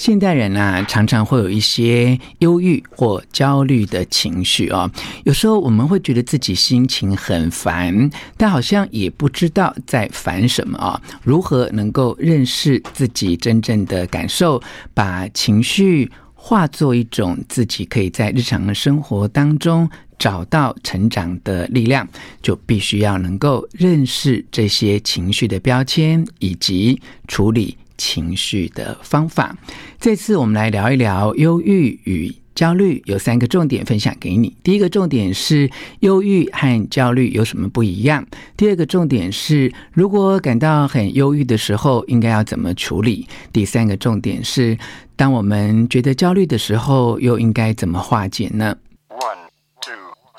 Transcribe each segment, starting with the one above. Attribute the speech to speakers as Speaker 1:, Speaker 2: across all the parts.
Speaker 1: 現代人啊，常常會有一些憂鬱或焦慮的情緒哦。有時候我們會覺得自己心情很煩，但好像也不知道在煩什麼啊。如何能夠認識自己真正的感受，把情緒化作一種自己可以在日常的生活當中找到成長的力量，就必須要能夠認識這些情緒的標籤以及處理情緒的方法。這次我們來聊一聊憂鬱與焦慮，有三個重點分享給你。第一個重點是憂鬱和焦慮有什麼不一樣？第二個重點是如果感到很憂鬱的時候，應該要怎麼處理？第三個重點是當我們覺得焦慮的時候，又應該怎麼化解呢？One,
Speaker 2: two,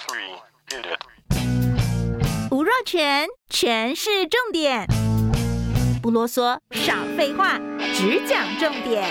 Speaker 2: three, get it！吳若權，權式重點。不囉嗦，少廢話，只講重點。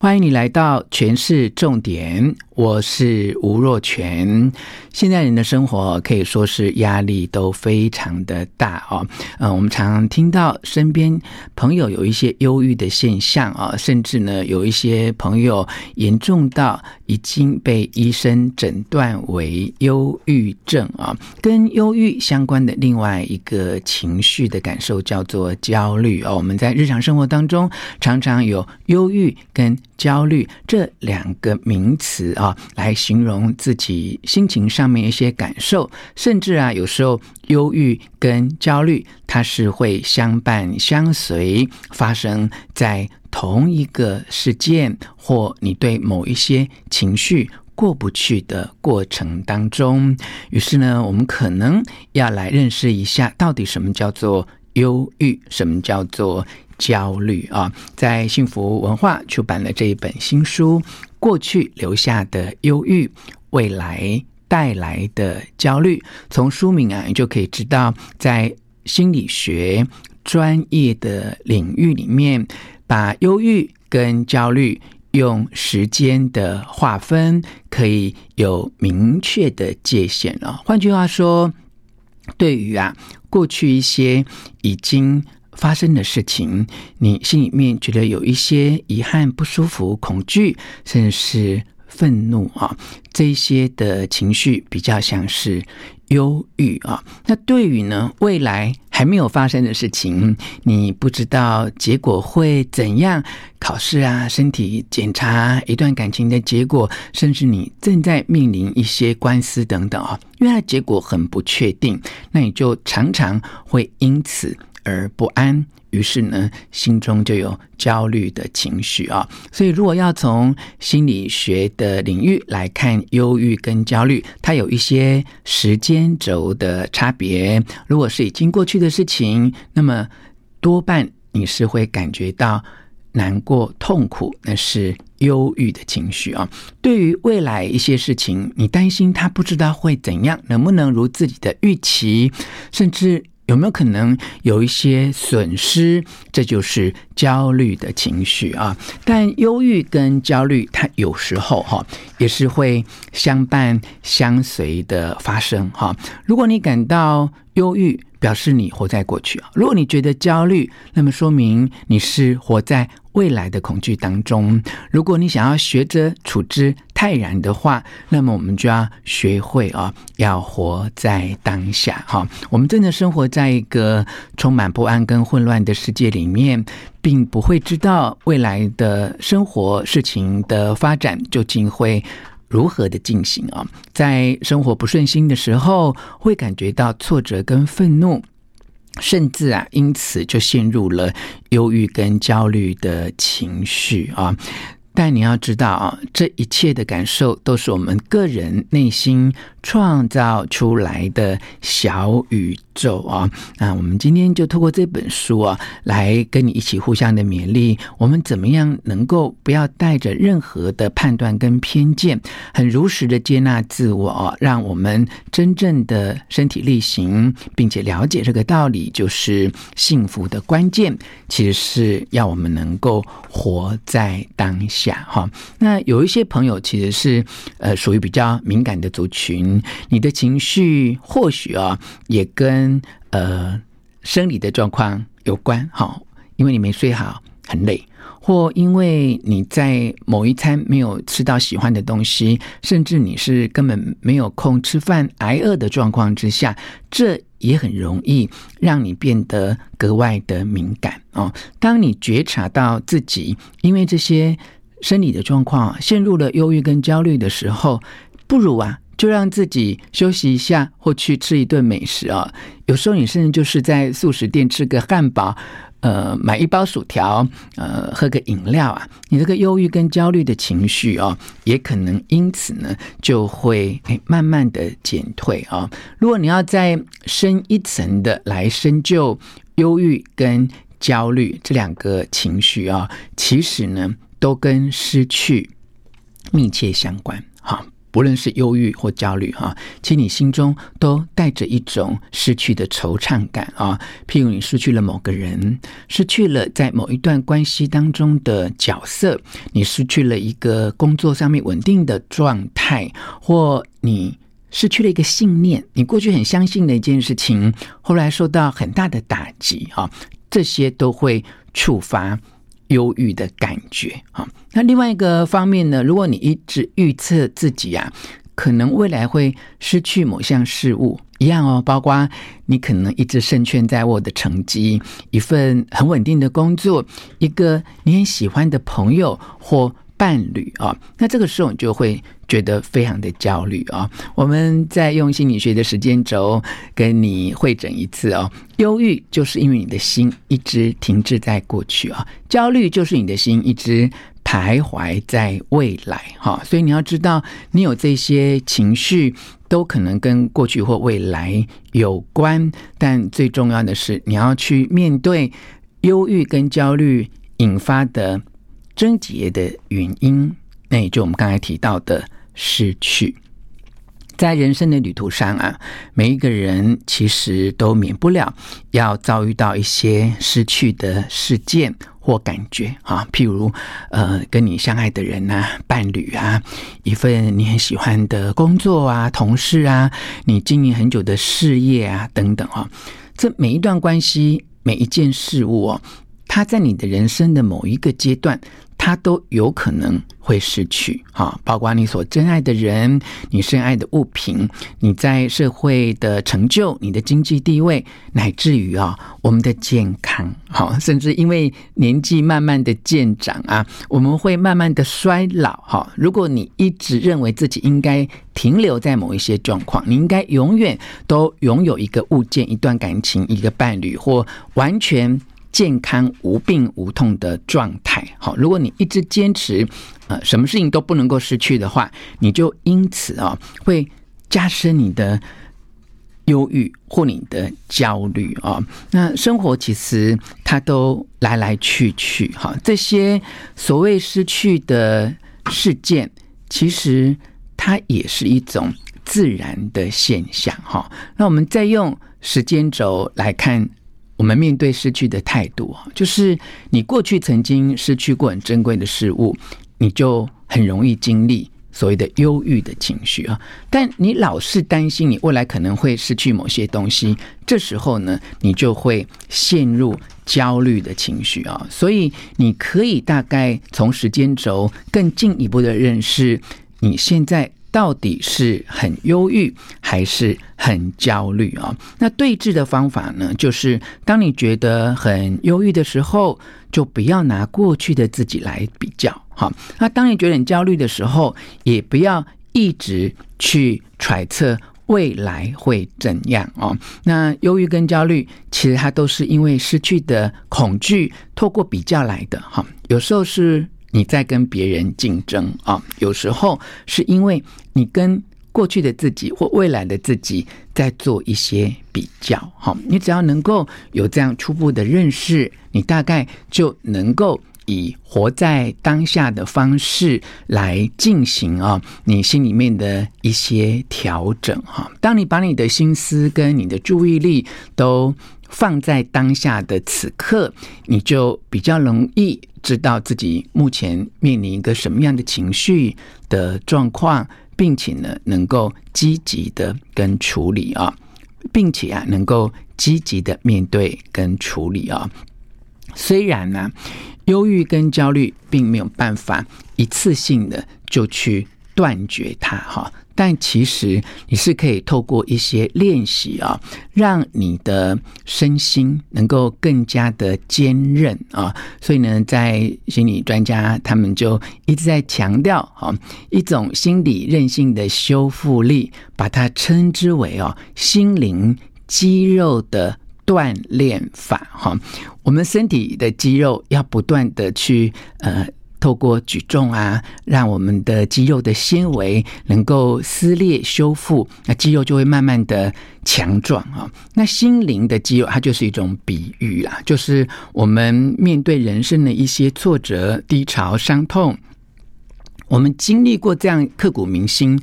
Speaker 1: 歡迎你來到《權式重點》。我是吳若權。現在人的生活可以說是壓力都非常的大哦。嗯，我們常常聽到身邊朋友有一些憂鬱的現象啊、哦，甚至呢，有一些朋友嚴重到已經被醫生診斷為憂鬱症啊、哦。跟憂鬱相關的另外一個情緒的感受叫做焦慮哦，我們在日常生活當中常常有憂鬱跟焦慮這兩個名詞啊、哦。來形容自己心情上面一些感受，甚至啊，有時候憂鬱跟焦慮，它是會相伴相隨，發生在同一個事件，或你對某一些情緒過不去的過程當中。於是呢，我們可能要來認識一下，到底什麼叫做憂鬱，什麼叫做。焦慮啊，在幸福文化出版了這一本新書《過去留下的憂鬱，未來帶來的焦慮》。從書名啊，你就可以知道，在心理學專業的領域裡面，把憂鬱跟焦慮用時間的劃分，可以有明確的界限啊，換句話說，對於啊，過去一些已經。發生的事情，你心裡面覺得有一些遺憾、不舒服、恐懼，甚至是憤怒啊，這一些的情緒比較像是憂鬱啊。那對於呢，未來還沒有發生的事情，你不知道結果會怎樣，考試啊，身體檢查啊，一段感情的結果，甚至你正在面臨一些官司等等啊，因為它結果很不確定，那你就常常會因此。而不安，於是呢，心中就有焦慮的情緒啊。所以，如果要從心理學的領域來看，憂鬱跟焦慮，它有一些時間軸的差別。如果是已經過去的事情，那麼多半你是會感覺到難過、痛苦，那是憂鬱的情緒啊。對於未來一些事情，你擔心他不知道會怎樣，能不能如自己的預期，甚至。有沒有可能有一些損失？這就是焦慮的情緒啊。但憂鬱跟焦慮，它有時候哈也是會相伴相隨的發生哈。如果你感到憂鬱，表示你活在過去；如果你覺得焦慮，那麼說明你是活在未來的恐懼當中，如果你想要學着處之泰然的話，那麼我們就要學會啊，要活在當下哈。我們真的生活在一個充滿不安跟混亂的世界裡面，並不會知道未來的生活、事情的發展究竟會如何的進行啊。在生活不順心的時候，會感覺到挫折跟憤怒。甚至啊，因此就陷入了憂鬱跟焦慮的情緒啊。但你要知道啊，這一切的感受都是我們個人內心創造出來的小宇宙啊，那我們今天就透過這本書啊，來跟你一起互相的勉勵。我們怎麼樣能夠不要帶着任何的判斷跟偏見，很如實的接納自我，讓我們真正的身體力行，並且了解這個道理就是幸福的關鍵。其實是要我們能夠活在當下。哈、哦，那有一些朋友其實是呃屬於比較敏感的族群，你的情緒或許啊、哦、也跟呃生理的狀況有關哈、哦，因為你沒睡好很累，或因為你在某一餐沒有吃到喜歡的東西，甚至你是根本沒有空吃飯挨餓的狀況之下，這也很容易讓你變得格外的敏感哦。當你覺察到自己因為這些。生理的狀況啊，陷入了憂鬱跟焦慮的時候，不如啊，就讓自己休息一下，或去吃一頓美食啊。有時候你甚至就是在速食店吃個漢堡，呃，買一包薯條，呃，喝個飲料啊。你這個憂鬱跟焦慮的情緒啊，也可能因此呢，就會慢慢的減退啊。如果你要再深一層的來深究憂鬱跟焦慮這兩個情緒啊，其實呢。都跟失去密切相關，哈，不論是憂鬱或焦慮，哈，其實你心中都帶着一種失去的惆悵感，啊，譬如你失去了某個人，失去了在某一段關係當中的角色，你失去了一個工作上面穩定的狀態，或你失去了一個信念，你過去很相信的一件事情，後來受到很大的打擊，哈，這些都會觸發。憂鬱的感覺啊，那另外一個方面呢？如果你一直預測自己呀、啊，可能未來會失去某項事物一樣哦，包括你可能一直勝券在握的成績、一份很穩定的工作、一個你很喜歡的朋友或伴侶啊，那這個時候你就會覺得非常的焦慮啊。我們再用心理學的時間軸跟你彙整一次哦。憂鬱就是因為你的心一直停滯在過去啊，焦慮就是你的心一直徘徊在未來。好，所以你要知道，你有這些情緒都可能跟過去或未來有關，但最重要的是你要去面對憂鬱跟焦慮引發的。癥結的原因，那也就我們剛才提到的失去。在人生的旅途上啊，每一個人其實都免不了要遭遇到一些失去的事件或感覺啊。譬如呃，跟你相愛的人吶、啊、伴侶啊，一份你很喜歡的工作啊、同事啊，你經營很久的事業啊等等啊，這每一段關係、每一件事物哦，他在你的人生的某一個階段，他都有可能會失去哈，包括你所珍愛的人、你深愛的物品、你在社會的成就、你的經濟地位，乃至於啊，我們的健康，哈，甚至因為年紀慢慢的漸長啊，我們會慢慢的衰老。哈，如果你一直認為自己應該停留在某一些狀況，你應該永遠都擁有一個物件、一段感情、一個伴侶，或完全。健康無病無痛的狀態，好。如果你一直堅持，呃，什麼事情都不能夠失去的話，你就因此啊、哦，會加深你的憂鬱或你的焦慮啊、哦。那生活其實它都來來去去，哈。這些所謂失去的事件，其實它也是一種自然的現象，哈。那我們再用時間軸來看。我們面對失去的態度啊，就是你過去曾經失去過很珍貴的事物，你就很容易經歷所謂的憂鬱的情緒啊。但你老是擔心你未來可能會失去某些東西，這時候呢，你就會陷入焦慮的情緒啊。所以你可以大概從時間軸更進一步的認識你現在，到底是很憂鬱還是很焦慮啊？那對治的方法呢？就是當你覺得很憂鬱的時候，就不要拿過去的自己來比較，哈。那當你覺得很焦慮的時候，也不要一直去揣測未來會怎樣啊。那憂鬱跟焦慮，其實它都是因為失去的恐懼透過比較來的，哈。有時候是。你在跟別人競爭啊，有時候是因為你跟過去的自己或未來的自己在做一些比較。哈，你只要能夠有這樣初步的認識，你大概就能夠以活在當下的方式來進行啊，你心裡面的一些調整哈。當你把你的心思跟你的注意力都放在當下的此刻，你就比較容易知道自己目前面臨一個什麼樣的情緒的狀況，並且呢，能夠積極的跟處理啊、哦，並且啊，能夠積極的面對跟處理啊、哦。雖然呢、啊，憂鬱跟焦慮並沒有辦法一次性的就去斷絕它哈、哦。但其實你是可以透過一些練習啊，讓你的身心能夠更加的堅韌啊。所以呢，在心理專家他們就一直在強調、啊，哈，一種心理韌性的修復力，把它稱之為哦、啊，心靈肌肉的鍛鍊法。哈、啊，我們身體的肌肉要不斷的去呃。透過舉重啊，讓我們的肌肉的纖維能夠撕裂、修復，那肌肉就會慢慢的強壯啊。那心靈的肌肉，它就是一種比喻啊，就是我們面對人生的一些挫折、低潮、傷痛，我們經歷過這樣刻骨銘心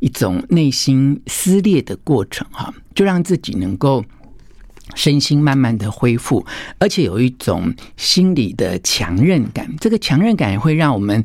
Speaker 1: 一種內心撕裂的過程，啊，哈，就讓自己能夠。身心慢慢的恢復，而且有一種心理的強韌感。這個強韌感也會讓我們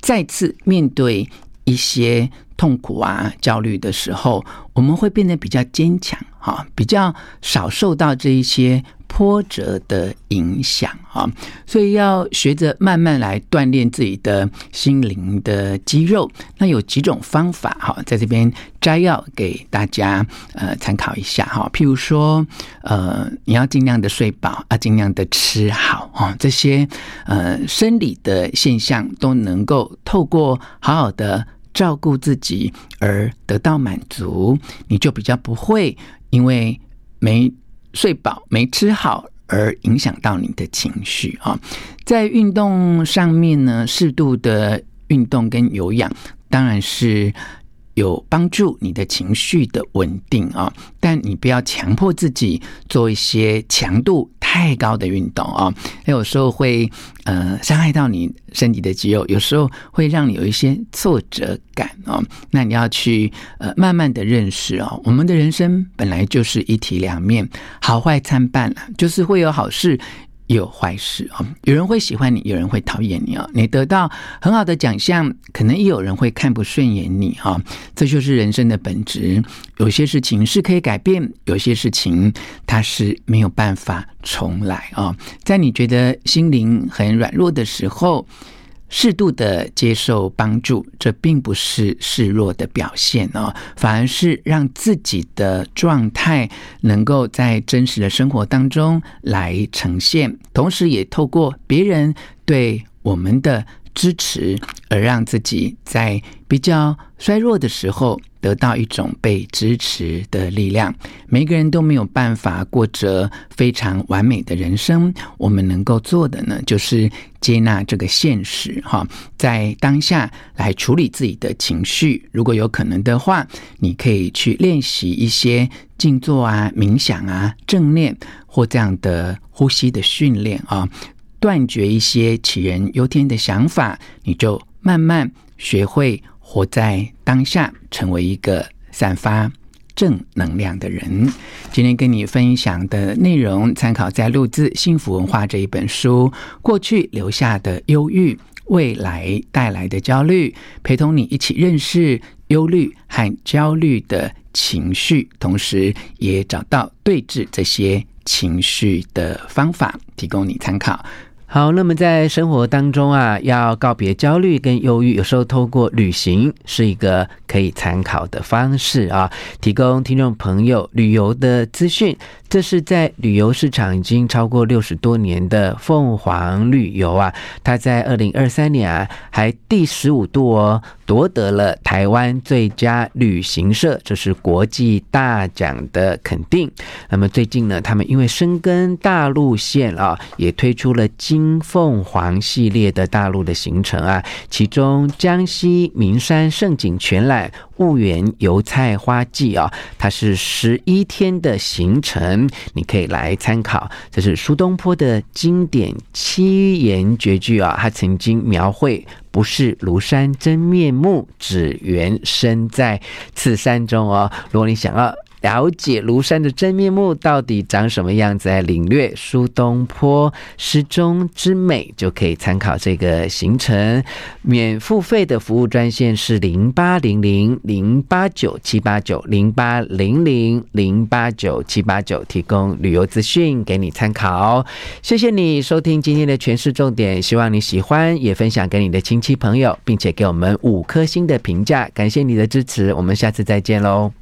Speaker 1: 再次面對一些。痛苦啊，焦慮的時候，我們會變得比較堅強，哈、哦，比較少受到這一些波折的影響，哈、哦，所以要學着慢慢來鍛鍊自己的心靈的肌肉。那有幾種方法，哈、哦，在這邊摘要給大家呃參考一下，哈、哦，譬如說，呃，你要盡量的睡飽啊，盡量的吃好啊，哦，這些呃生理的現象都能夠透過好好的。照顧自己而得到滿足，你就比較不會因為沒睡飽、沒吃好而影響到你的情緒啊。在運動上面呢，適度的運動跟有氧，當然是。有幫助你的情緒的穩定啊，但你不要強迫自己做一些強度太高的運動啊，有時候會呃傷害到你身體的肌肉，有時候會讓你有一些挫折感哦。那你要去呃慢慢的認識哦，我們的人生本來就是一體兩面，好壞參半了，就是會有好事。也有壞事啊，有人會喜歡你，有人會討厭你啊。你得到很好的獎項，可能也有人會看不順眼你啊。這就是人生的本質。有些事情是可以改變，有些事情它是沒有辦法重來啊。在你覺得心靈很軟弱的時候。適度的接受幫助，這並不是示弱的表現哦，反而是讓自己的狀態能夠在真實的生活當中來呈現，同時也透過別人對我們的。支持，而讓自己在比較衰弱的時候得到一種被支持的力量。每個人都沒有辦法過着非常完美的人生，我們能夠做的呢，就是接納這個現實，哈，在當下來處理自己的情緒。如果有可能的話，你可以去練習一些靜坐啊、冥想啊、正念或這樣的呼吸的訓練啊。斷絕一些杞人憂天的想法，你就慢慢學會活在當下，成為一個散發正能量的人。今天跟你分享的內容，參考在《錄製幸福文化》這一本書，過去留下的憂鬱，未來帶來的焦慮，陪同你一起認識憂慮和焦慮的情緒，同時也找到對治這些情緒的方
Speaker 2: 法，提供你參考。好，那麼在生活當中啊，要告別焦慮跟憂鬱，有時候透過旅行是一個可以參考的方式啊。提供聽眾朋友旅遊的資訊，這是在旅遊市場已經超過六十多年的鳳凰旅遊啊，它在二零二三年啊還第十五度哦。奪得了台灣最佳旅行社，這是國際大獎的肯定。那麼最近呢，他們因為深耕大陸線啊、哦，也推出了金鳳凰系列的大陸的行程啊，其中江西名山勝景全覽、婺源油菜花季啊、哦，它是十一天的行程，你可以來參考。這是蘇東坡的經典七言絕句啊、哦，他曾經描繪。不是廬山真面目，只緣身在此山中哦。如果你想要了解廬山的真面目到底長什麼樣子，來領略蘇東坡詩中之美，就可以參考這個行程。免付費的服務專線是零八零零零八九七八九零八零零零八九七八九，提供旅遊資訊給你參考。謝謝你收聽今天的權式重點，希望你喜歡，也分享給你的親戚朋友，並且給我們五顆星的評價，感謝你的支持，我們下次再見嘍。